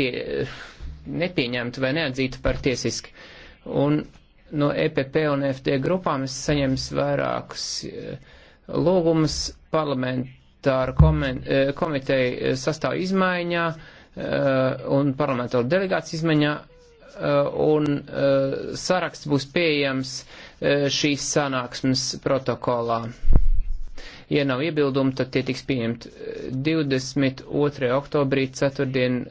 nepie, nepieņemta vai neatzīta par tiesiski. Un no EPP un FD grupām es saņems vairākus eh, lūgumus parlamentāru eh, komiteju eh, sastāvu izmaiņā un parlamentāru delegāciju izmaiņā. Un saraksts būs pieejams šīs sanāksmes protokolā. Ja nav iebildumu, tad tie tiks pieņemti 22. oktobrī, ceturtdien.